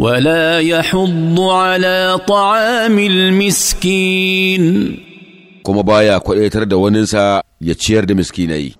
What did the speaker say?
ولا يحض على طعام المسكين كما بايا كو ايتر دا وننسا يتشير دا مسكيني